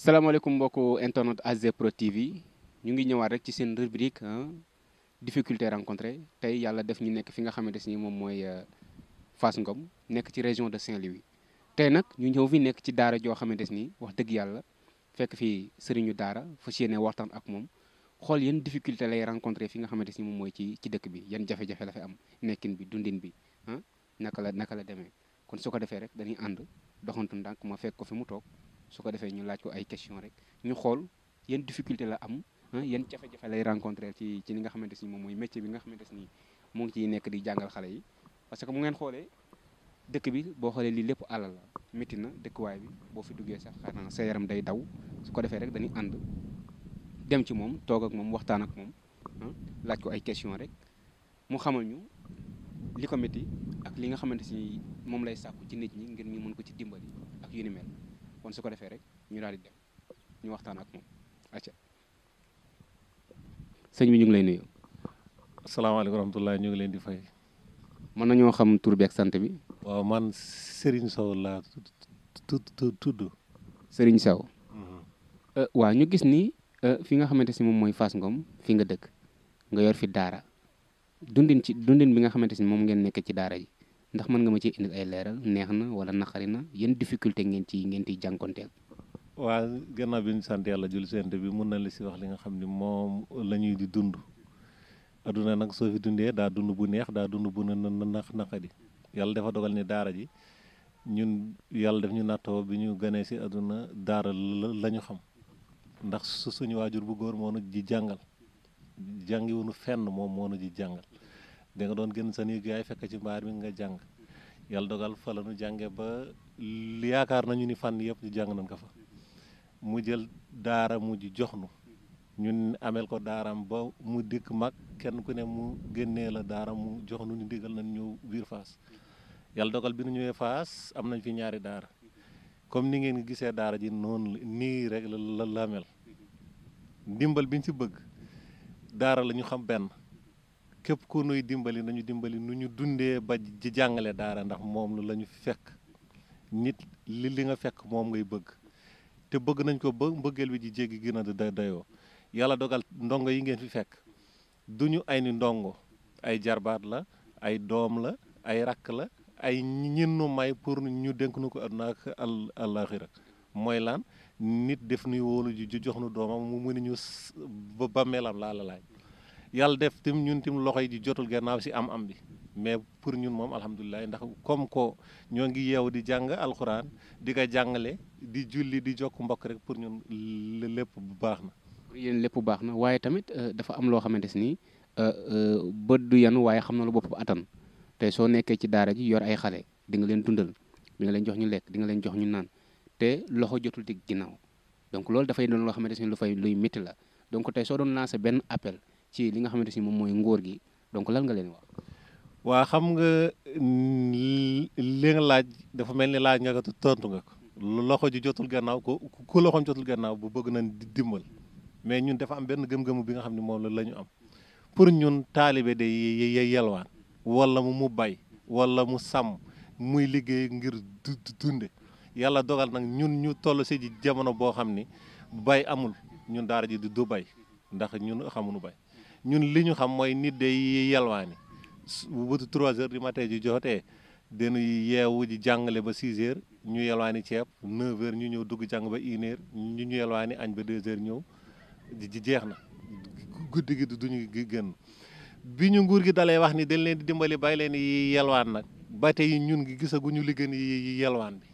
salaamaaleykum mbokku internet AG Pro TV ñu ngi ñëwaat rek ci seen rubrique difficulté rencontrée tey yàlla def ñu nekk fi nga xamante nii moom mooy euh, fas Ngom nekk ci région de Saint-Louis tey nag ñu ñëw fi nekk ci daara joo xamante ni wax dëgg yàlla fekk fi sëriñu daara fas yéene waxtaan ak moom xool yan difficulté lay rencontré fi nga xamante ni moom mooy ci ci dëkk bi yan jafe-jafe la fi am nekkin bi dundin bi ah naka la naka la demee kon su ko defee rek dañuy ànd doxantu ndànk ma fekk ko fi mu toog. su ko defee ñu laaj ko ay question rek ñu xool yan difficulté la am yan jafe-jafe lay rencontrer ci ci li nga xamante si moom mooy métier bi nga xamante si mu ngi ciy nekk di jàngal yi parce que mu ngeen xoolee dëkk bi boo xoolee lii lépp àll métti na dëkkuwaay bi boo fi duggee sax xanaa yaram day daw su ko defee rek dañuy ànd dem ci moom toog ak moom waxtaan ak moom laaj ko ay question rek mu xamal ñu li ko métti ak li nga xamante si moom lay sàkku ci nit ñi ngir ñu mën ko ci dimbali ak yu ni mel kon su ko defee rek ñu daal di dem ñu waxtaan ak moom acca sëñ bi ñu ngi lay nuyu. asalaamaaleykum wa rahmatulah ñu ngi leen di fay. mën nañoo xam tur bi ak sant bi. waaw man Serigne Sow laa tudd. sëriñ Sow. Mhm. Euh, waaw ñu gis nii euh, fi nga xamante si moom mooy fas ngoom fi nga dëkk nga yor fi daara dundin ci dundin bi nga xamante si moom ngeen nekk ci daara yi ndax mën nga ma ci indi ay leeral neex na wala naqari na yan difficulté ngeen ci ngeen ciy jànkonteel. waa gannaaw bi ñu sant yàlla julli sant bi mun na la si wax li nga xam ni moom la ñuy di dund adduna nag soo fi dundee daa dund bu neex daa dund bu na na naqadi yàlla dafa dogal ni daara ji ñun yàlla def ñu nattoo bi ñu ganee si aduna daara la ñu xam ndax su suñu waajur bu góor moo nu ji jàngal jàngiwunu fenn moom moo nu ji jàngal. da nga doon génn sa néeg yaay fekk ci mbaar mi nga jàng yàlla dogal fa la ñu jànge ba yaakaar nañu ni fànn yëpp ñu jàng nañ ko fa mu jël daara mu ji jox nu ñun amel ko daaram ba mu dikk mag kenn ku ne mu génnee la daara mu jox nu ñu digal nañ ñëw biir faas yàlla dogal bi nu ñëwee faas am nañ fi ñaari daara comme ni ngeen gisee daara ji noonu nii rek la la ameel ndimbal biñ ci bëgg daara la ñu xam benn képp ku nuy dimbali nañu dimbali nu ñu dundee ba ji jàngale daara ndax moom la ñu fekk nit li li nga fekk moom ngay bëgg te bëgg nañ ko ba mbëggeel bi ji jéggi gën a da dayoo yàlla dogal ndongo yi ngeen fi fekk du ñu ay ni ndongo ay jarbaat la ay doom la ay rakk la ay ñinnu may pour ñu dénk nu ko àdduna ak al mooy lan nit def nuy wóolu ji jox nu doomam mu mu ba melam laa la laaj yàlla def tim ñun tim loxo yi di jotul gannaaw si am-am bi mais pour ñun moom alhamdulilah ndax comme ko ñoo ngi yeew di jàng alxuraan di ko jàngale di julli di jokk mbokk rek pour ñun lépp bu baax na. yéen lépp bu baax na waaye tamit euh, dafa am loo xamante ni euh, euh, bët du yanu waaye xam na lu bopp attan te soo nekkee ci daara ji yor ay xale di nga leen dundal di nga leen jox ñu lekk di nga leen jox ñu naan te loxo jotul di ginnaaw donc loolu dafay doon loo xamante ni lu fay luy métti la donc tey soo doon benn appel. ci li nga xamante si moom mooy ngóor gi donc lan nga leen wax. waa xam nga li nga laaj dafa mel ni laaj nga ko tontu nga ko. loxo ji jotul gannaaw ko ku loxoom jotul gannaaw bu bëgg na di dimbal mais ñun dafa am benn gëm-gëmu bi nga xam ne moom la ñu am pour ñun taalibe de yelwaan walla mu mu bay walla mu sàmm muy liggéey ngir dunde yàlla dogal nag ñun ñu toll si jamono boo xam ni bay amul ñun daara ji du bay ndax ñun xamuñu bay ñun li ñu xam mooy nit de yalwaani bu bëtu trois heures di matin ji jotee dañuy yeewu ji jàngale ba six heures ñu yalwaani ceeb neuf ñu ñëw dugg jàng ba une heure ñu ñu yalwaani añ ba deux heures ñëw ji jeex na guddi gi duñu gën bi ñu nguur gi dalay wax ni dañ leen di dimbali bay leen yi yelwaan nag ba tey ñun gi gisaguñu li gën yi yelwaan bi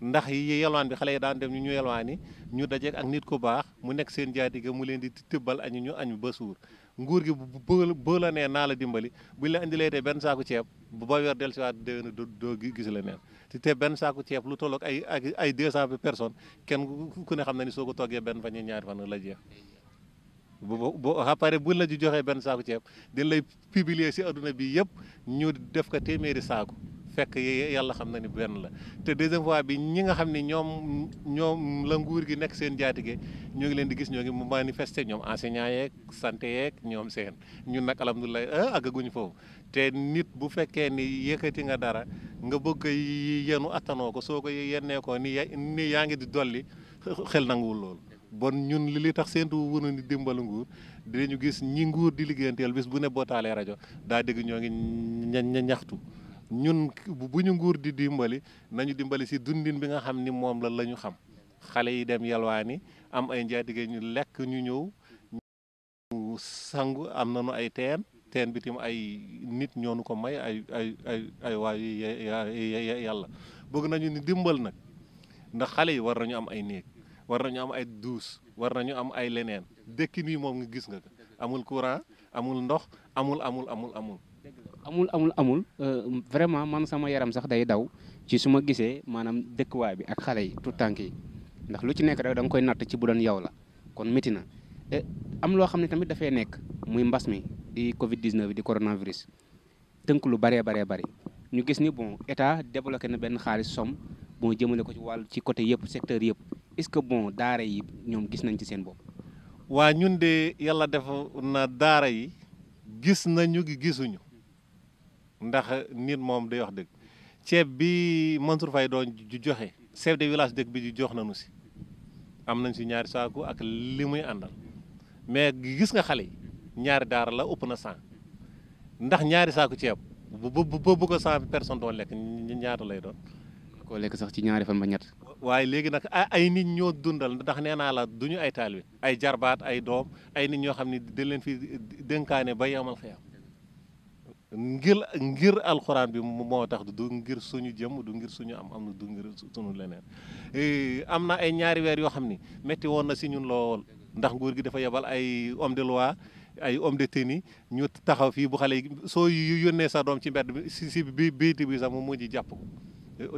ndax yi yelwaan bi xale yi daan dem ñu ñu yelwaani ñu dajeek ak nit ku baax mu nekk seen jaadige mu leen di tibbal añu ñu añ ba suur nguur gi bu boo la nee naa la dimbali buñ la indilee te benn saaku ceeb bu ba weer del siwaat déwén doo gis la neen te benn saaku ceeb lu tolloog ay ay deux cent personnes kenn ku ne xam na ni soo ko toggee benn fan ñu ñaari fan la jeex bu boo après buñ la ju joxee benn saaku ceeb di lay publier si adduna bi yëpp ñu def ko téeméeri saaku fekk yàlla xam na ni benn la te deuxième fois bi ñi nga xam ni ñoom ñoom la nguur gi nekk seen jaatige ñoo ngi leen di gis ñoo ngi mu manifester ñoom enseignant yeeg santé yeeg ñoom seen ñun nag alhamdulilah ah àggaguñu foofu te nit bu fekkee ni yëkkati nga dara nga bëgg yenu attanoo ko soo ko yennee ko ni yaa ngi di dolli xel nanguwul lool bon ñun li li tax seentu wunu ni dimbalu nguur dinañu gis ñi nguur di liggéeyanteel bis bu ne boo taalee rajo daa dégg ñoo ngi ñaxtu ñun bu ñu nguur di dimbali nañu dimbali si dundin bi nga xam ni moom la la ñu xam xale yi dem yalwaani am ay njaatige ñu lekk ñu ñëw ñu sangu am nañu ay teen teen bi tam ay nit ñoonu ko may ay ay ay ay waayu yàlla bëgg nañu ni dimbal nag ndax xale yi war nañu am ay néeg war nañu am ay duus war nañu am ay leneen dëkkin yi moom nga gis nga ko amul courant amul ndox amul amul amul amul amul amul amul euh, vraiment man sama yaram sax day daw ci su ma gisee maanaam dëkkuwaay bi ak xale yi tout tànk yi ndax lu ci nekk rek da nga koy natt ci bu doon yow la kon métti na e, am loo xam ne tamit dafay nekk muy mbas mi di Covid 19 di coronavirus tënk lu baree baree bari ñu gis ni bon état débloqué na benn xaalis somme bon jëmale ko ci wàllu ci côté yëpp secteur yëpp est-ce que bon daara yi ñoom gis nañ ci seen bopp. waa ñun de yàlla def na daara yi gis nañu gisuñu. ndax nit moom day wax dëgg ceeb bi Mansour Faye doon joxe chef de village dëkk bi jox nañu si am nañ si ñaari saaku ak li muy àndal mais gis nga xale yi ñaari daara la ëpp na cent ndax ñaari saaku ceeb bu bu bu ko cent personne doon lekk ñaata lay doon. koo lekk sax ci ñaari fan ba ñett. waaye léegi nag ay nit ñoo dundal ndax nee naa la duñu ay ay bi ay jarbaat ay doom ay nit ñoo xam ne di leen fi dénkaane ba yemal xeyam ngir ngir alxuraan bi moo tax du ngir suñu jëm du ngir suñu am am na du ngir suñu leneen eh, am na ay ñaari weer yoo xam ni métti woon na si ñun lool ndax nguur gi dafa yebal ay homme de loi ay homme de tenue ñu taxaw fii bu xale soo yónnee sa doom ci mbedd bi si si bi biiti bi sax mu mujj jàpp ko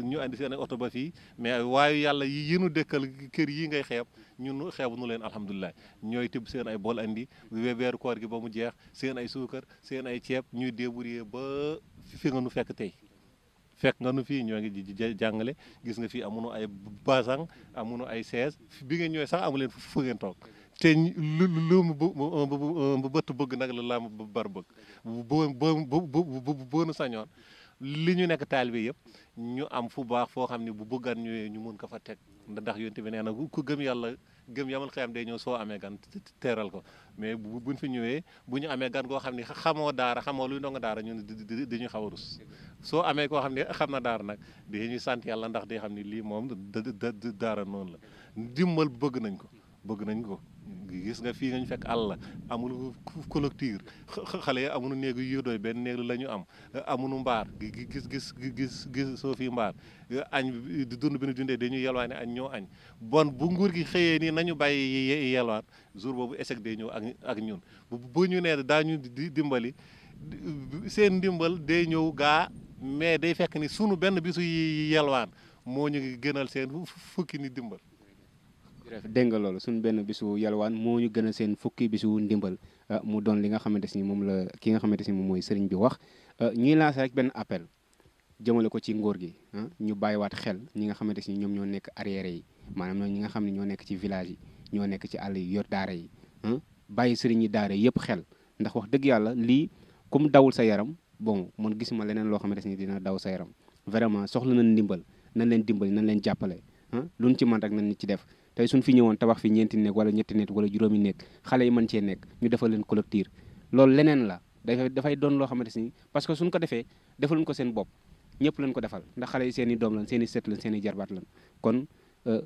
ñu andi seen oto ba fii mais waaye yàlla yi yéenu dëkkal kër yi ngay xeeb ñun xeebu nu leen alhamdulilah ñooy tibb seen ay bool andi weeru koor gi ba mu jeex seen ay suukar seen ay ceeb ñuy débrouiller ba fi nga nu fekk tey fekk nga nu fii ñoo ngi jàngale gis nga fii amuñu ay basang amuñu ay chaise bi ngeen ñooy sax amu leen fu ngeen toog te lu lu mu bëtt bëgg nag la laa bar bëgg boo boo boo nu sañoon li ñu nekk taalibe yëpp ñu am fu baax foo xam ne bu bëggaan ñëwee ñu mun ko fa teg ndax yonent bi nee na ku gëm yàlla gëm yamal xiyam day ñëw soo amee gan teeral ko mais bu bu ñu fi ñëwee bu ñu amee gan koo xam ne xamoo daara xamoo luy ndongo daara ñun di ñu xaw a rus soo amee koo xam ne xam na daara nag di ñuy sant yàlla ndax day xam ni lii moom daara noonu la ndimbal bëgg nañ ko bëgg nañ ko gis nga fii ngañ fekk àll la amul clôture xale yi amunu néegu yu doy benn néeg la ñu am amunu mbaar gis gis gis gis soo fi mbaar añ di dund bi nu dundee dañuy yelwaane añ ñoo añ bon bu nguur gi xëyee nii nañu bàyyi yelwaan jour boobu échec day ñëw ak ak ñun bu ñu nee daañu di dimbali seen ndimbal day ñëw gaa mais day fekk ni sunu benn bisu yelwaan moo ñu gënal seen fukki ni dimbal bref dégg nga loolu suñu benn bisu yalwaan moo ñu gën a seen fukki bisu ndimbal euh, mu doon li nga xamante ni moom la ki nga xamante ni moom mooy sëriñ bi wax euh, ñuy lancé rek benn appel jëmale ko ci ngóor gi ñu bàyyi waat xel ñi nga xamante ni ñoom ñoo nekk arrière yi maanaam ñi nga xam ne ñoo nekk ci village yi ñoo nekk ci àll yi yor daara yi bàyyi sëriñ yi daara yëpp xel ndax wax dëgg yàlla lii comme dawul sa yaram bon man gisuma leneen loo xamante ni dina daw sa yaram vraiment soxla nañ ndimbal nañ leen dimbali nañ leen jàppale lu ñu ci man rek nañ ci def tey suñ fi ñëwoon tabax fi ñeenti nekk wala ñetti nekk wala juróomi nekk xale yi mën cee nekk ñu defal leen collecteur loolu leneen la dafay dafay doon loo xamante ni parce que suñ ko defee defaluñ ko seen bopp ñëpp lañ ko defal ndax xale yi seen i doom lañ seeni i sët lañ seen i jarbaat lañ kon euh,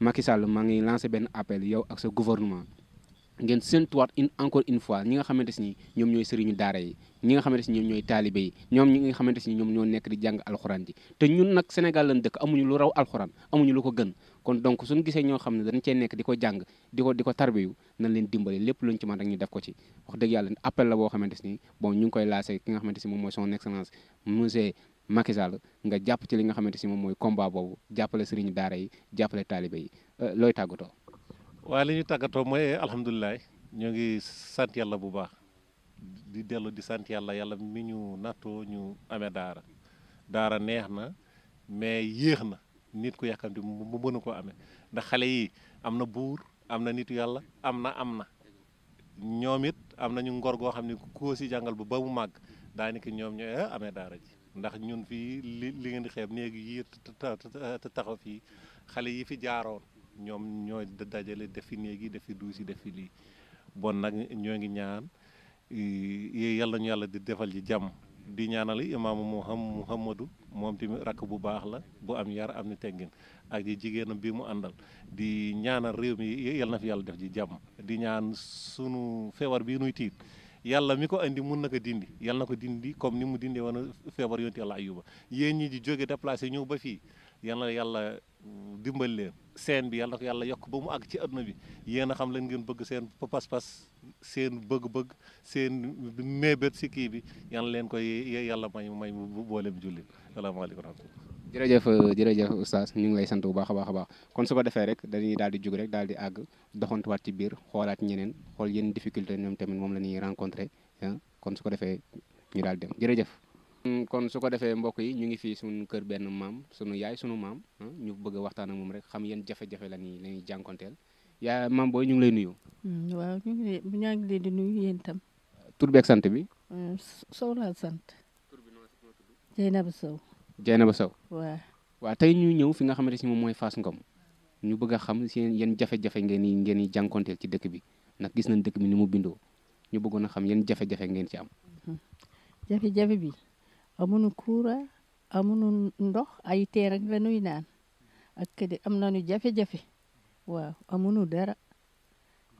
Macky Sall maa ngi lancé benn appel yow ak sa gouvernement ngeen séentuwaat in encore une fois ñi nga xamante si ni ñoom ñooy sëriñu daara yi ñi nga xamante si ñoom ñooy taalibe yi ñoom ñi nga xamante ñoom ñoo nekk di jàng alxuraan ji te ñun nag Sénégal lañ dëkk amuñu lu raw alxuraan amuñu lu ko gën kon donc suñu gisee ñoo xam ne dañ cee nekk di ko jàng di ko di ko tarbiyu nañ leen dimbale lépp lu luñ ci man rek ñu def ko ci wax dëgg yàlla appel la boo xamante si ni bon ñu ngi koy lancé ki nga xamante si moom mooy son excellence monsieur Macky Sall nga jàpp ci li nga xamante si moom mooy combat boobu jàppale sëriñu daara yi jàppale taalibe yi euh, looy tàggatoo waa li ñu tàggatoo mooy alhamdulilah ñoo ngi sant yàlla bu baax di dellu di sant yàlla yàlla mi ñu nattoo ñu amee daara daara neex na mais yéex na nit ku yàkkamti mu mënu ko amee ndax xale yi am na buur am na nitu yàlla am na am na ñoom it am nañu ngor goo xam ne koo si jàngal bu ba mu màgg daanaka ñoom ñooy ah, amee daara ji ndax ñun fii li li ngeen di xeeb néegi yi taxaw fii xale yi fi jaaroon ñoom ñooy dajale def fi néeg yi def fi duus lii bon nag ñoo ngi ñaan yàlla ñu yàlla di defal ji jàmm di ñaanal imaamu Muham Muhammadu moom tamit rakk bu baax la bu am yar am ni teggin ak ji jigéenam bi mu àndal di ñaanal réew mi yàlla na fi yàlla def ji jàmm di ñaan sunu feebar bii nuy tiit yàlla mi ko indi mun na ko dindi yàlla na ko dindi comme ni mu dindee woon feebar yonti yàlla ayuba yéen ñi di jóge déplacé ñëw ba fii yàlla yàlla dimbal leen seen bi yàlla ko yàlla yokk ba mu àgg ci àdduna bi yéen xam leen ngeen bëgg seen pas-pas seen bëgg-bëgg seen mébét si kii bi yan leen koy yàlla may may bu booleem julli salaamaaleykum rahmatullah jërëjëf jërëjëf oustaz ñu ngi lay sant bu baax a baax a baax kon su ko defee rek dañuy daal di jug rek daal di àgg doxantuwaat ci biir xoolaat ñeneen xool yenn difficulté ñoom tamit moom la ñuy rencontré kon su ko defee ñu daal dem jërëjëf Mm, kon su ko defee mbokk yi ñu ngi fii sunu kër benn maam sunu yaay sunu maam ah, ñu bëgg a waxtaan ak moom rek xam yeen jafe-jafe la ñuy la ñuy jànkonteel yaa maam booy ñu ngi lay nuyu. Mm, waaw ñaa ngi leen di nuyu yéen itam. tur beeg sant bi. Mm, Sow laa sant. tur bi noonu Dieynaba Sow. Dieynaba Sow. waaw. ñu ñëw fi nga xamante si moom mooy Fass Ngom ñu bëgg a xam seen yeen jafe-jafe ngeen di ngeen di jànkonteel ci dëkk bi ndax gis nañ dëkk bi ni mu bindoo ñu bëggoon a xam yeen jafe-jafe ngeen ci am. Mm-hmm. jafe-jafe bi. amuñu courant amuñu ndox ay teer ak la ñuy naan ak kë am nañu jafe-jafe waaw amuñu dara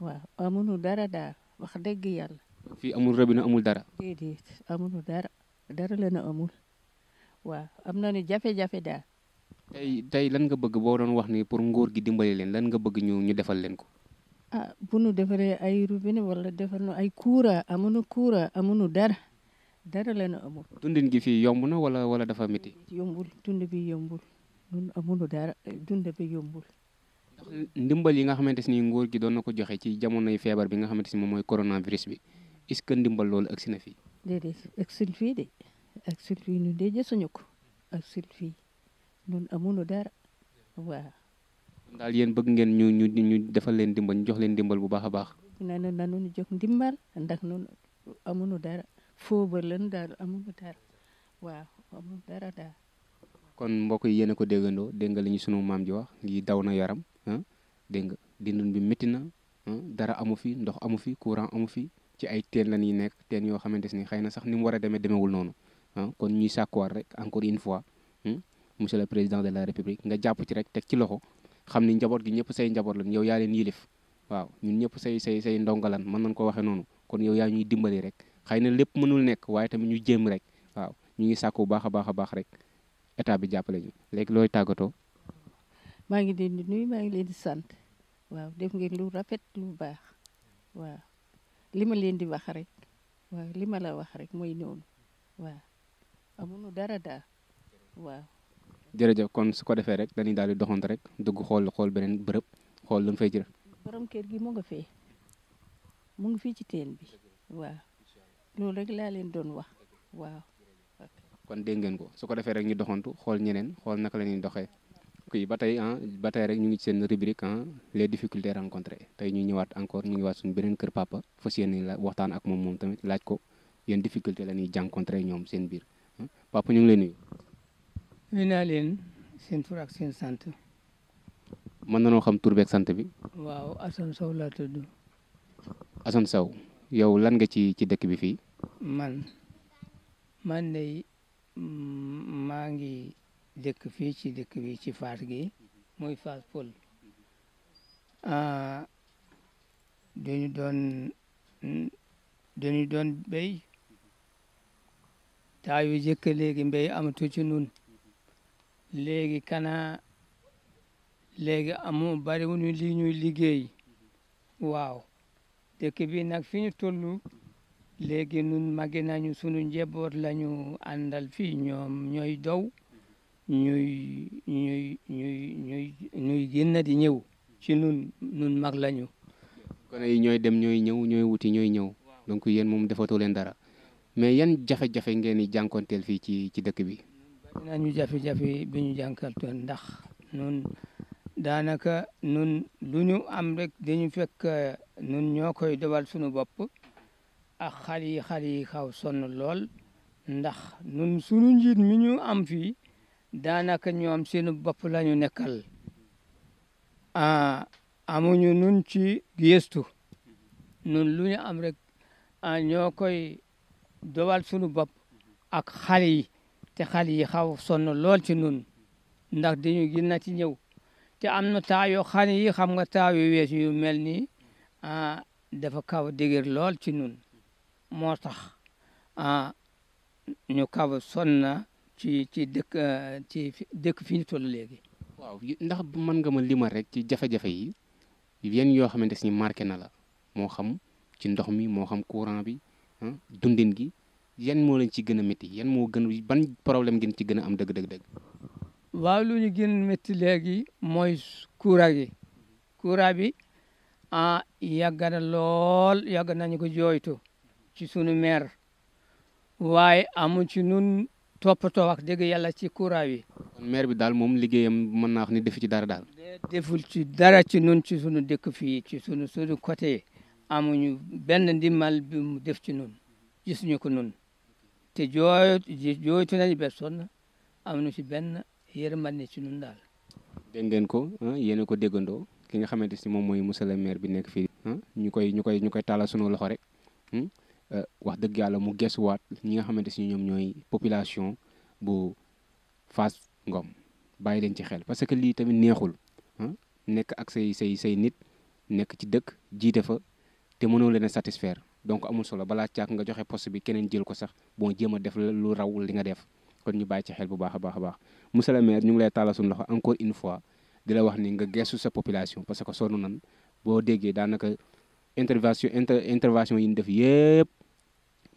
waaw amuñu dara daal wax dëgg yàlla. fii amul robinet amul dara. déedéet amuñu dara dara la ñu amul waaw am nañu jafe-jafe daal. tey lan nga bëgg boo doon wax ni pour nguur gi dimbali leen lan nga bëgg ñu ñu defal leen ko. ah bu nu defaree ay robinet wala defal nu ay courant amuñu courant amuñu dara. dara leen amul. dundin gi fi yomb na wala wala dafa métti. yombul dund bi yombul ñun amunu dara dund bi yombul. ndimbal yi nga xamante si ni nguur gi doon na ko joxe ci jamonoy feebar bi nga xamante ni moom mooy coronavirus bi est-ce que ndimbal loolu agsi na fii. déedéet si fi de agsi fii ñun de gisuñu ko agsi fii ñun amunu dara waaw. daal yéen bëgg ngeen ñu ñu ñu defal leen ndimbal ñu jox leen ndimbal bu baax a baax. nee na nanu jox ndimbal ndax ñun amunu dara. foobar lan daal amul dara waaw amul kon mbokk yi yéen a ko déggandoo dégg nga li ñu sunu maam ji wax ngi daw na yaram ah dégg nga dindun bi métti na ah, dara amu fi ndox amu fi courant amu fi ci ay teen la ñuy nekk teen yoo xamante ni xëy na sax ni mu war a demee demewul noonu ah kon ñuy sàkkuwaat rek encore une fois hmm, monsieur le président de la république nga jàpp ci rek teg ci loxo xam ni njaboot gi ñëpp say njaboot lan yow yaa leen yilif waaw ñun ñëpp say say say ndongalan mën nañ ko waxee noonu ko yow yaa ñuy dimbali rek. xëy na lépp mënul nekk waaye tamit ñu jéem rek waaw ñu ngi sàkku bu baax a baax a baax rek état bi jàppale ñu léegi looy tàggatoo. maa ngi leen di nuyu maa ngi leen di sant waaw def ngeen lu rafet lu baax waaw ma leen di wax rek waaw li ma la wax rek mooy noonu waaw amuñu dara daal waaw. jërëjëf kon su ko defee rek dañuy daal di doxant rek dugg xool xool beneen bërëb xool lu mu fay jël. borom kër gi mu nga fee mu ngi fii ci teen bi waaw. loolu rek laa leen doon wax waaw. kon dégg ngeen ko su ko defee rek ñu doxantu xool ñeneen xool naka la ñuy doxee. ok ba tey ah ba tey rek ñu ngi ci seen rubrique ah les difficultés rencontrées tey ñu ñëwaat encore ñu ngi waat suñu beneen kër papa fas yéene la waxtaan ak moom moom tamit laaj ko yéen difficulté la ñuy jànkontré ñoom seen biir ah, papa ñu ngi leen nuyu. naa leen seen tur seen sant. mën noo xam tur beeg sant bi. waaw Assane Sow laa tudd. Assane Sow yow lan nga ci ci dëkk bi fii. man man day mm, maa ngi dëkk fii ci dëkk bi ci faat gi muy faat pël ah, dañu doon dañu doon béy taa jëkk léegi mbéy amatu ci nun léegi kana léegi amu bariwuñu li ñuy liggéey waw dëkk bi nag fi ñu léegi nun màgge nañu sunu njeboot lañu àndal fii ñoom ñooy dow ñuy ñuy ñuy ñuy ñuy génn di ñëw ci nun nun mag lañu kon yi ñooy dem ñooy ñëw ñooy wuti ñooy ñëw donk yéen moom defatu leen dara mais yan jafe-jafe ngeen di jànkoonteel fii ci ci dëkk bi bari nañu jafe-jafe bi ñu jànkonteel ndax nun daanaka nun lu ñu am rek dañu fekk nun ñoo koy dawal sunu bopp ak xale yi xale yi xaw sonn lool ndax nun sunu njiit mi ñu am fii daanaka ñoom seenu bopp la ñu nekkal amuñu nun ci gëstu nun lu ñu am rek ñoo koy dowal sunu bopp ak xale yi te yi xaw sonn lool ci nun ndax dañu gën na ci ñëw te am na taa yoo xale yi xam nga taa yu wees yu mel ni nii dafa kaw a lool ci nun moo tax ah, ñu kaw sonn na ci ci dëkk ah, ci dëkk fi ñu toll léegi. waaw ndax mën nga ma lima rek ci jafe-jafe yi yenn yoo xamante ni marqué na la moo xam ci ndox mi moo xam courant bi ah, dundin gi yan moo leen ci gën a métti yan moo gën ban problème ngeen ci gën a am dëgg-dëgg. waaw lu ñu gën métti léegi mooy courant gi courant bi ah yàgg na lool yàgg nañu ko jooytu. ci sunu maire waaye amu ci nun toppatoo wax dégg yàlla ci courant yi. kon bi daal moom liggéeyam mën naa wax ni defu ci dara daal. deful ci dara ci nun ci sunu dëkk fii ci sunu sunu côté amuñu benn ndimbal bi mu def ci nun gisuñu ko nun te jooy jooytu nañu ba sonn amuñu ci benn mal yërmande ci nun daal. dégg ngeen ko ah, yéen ko déggandoo ki nga xamante si moom mooy monsieur le maire bi nekk fii. Ah, ñu koy ñu koy ñu koy tàllal sunu loxo rek. Hmm. Euh, wax dëgg yàlla mu gëstuwaat ñi nga xamante si ñoom ñooy population bu Fass ngoom bàyyi leen ci xel parce que lii tamit neexul nekk ak say say say nit nekk ci dëkk jiite fa te mënoo leen a satisfaire donc amul solo balaa càak nga joxe post bi keneen jël ko sax boo jéem a def lu raw li nga def kon ñu bàyyi ci xel bu baax a baax a baax monsieur le maire ñu ngi lay tàllal suñu loxo encore une fois di la wax ni nga gëstu sa population parce que sonn nan boo déggee daanaka def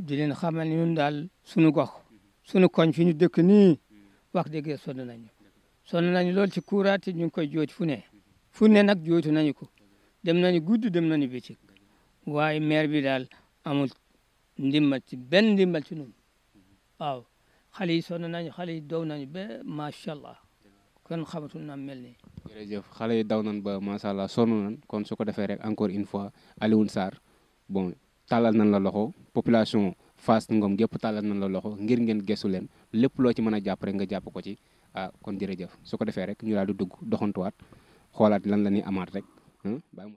di leen xamal ni ñun daal suñu gox sunu koñ fi dëkk nii wax dëgg sonn nañu sonn nañu lool ci kuuraat ñu ngi koy jooytu fu ne fu ne nag jooytu nañu ko dem nañu gudd dem nañu bëccëg waaye maire bi daal amul ndimbal ci benn ndimbal ci ñun waaw xale yi sonn nañu xale yi dow nañu ba macha allah kon xamatul na mel nii. jërëjëf xale yi daw nañ ba macha allah sonn nañ kon su ko defee rek encore une fois Alioune Sarr bon. tàllal nañ la loxo population Fass Ngom gépp tàllal nañ la loxo ngir ngeen gestu leen lépp loo ci mën a jàpp rek nga jàpp ko ci ah kon jërëjëf su ko defee rek ñu daal di dugg doxantuwaat xoolaat lan la ñuy amaat rek. Hmm?